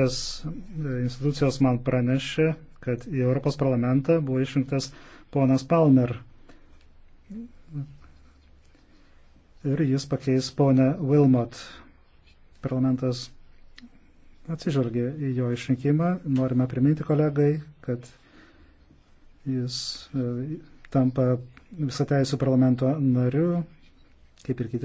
E, institucijos man pranešė, kad į Europos parlamentą buvo išrinktas ponas Palmer. Ir jis pakeis ponę Wilmot. Parlamentas atsižvelgė į jo išrinkimą. Norime priminti kolegai, kad jis e, tampa visateisų parlamento nariu, kaip ir kiti.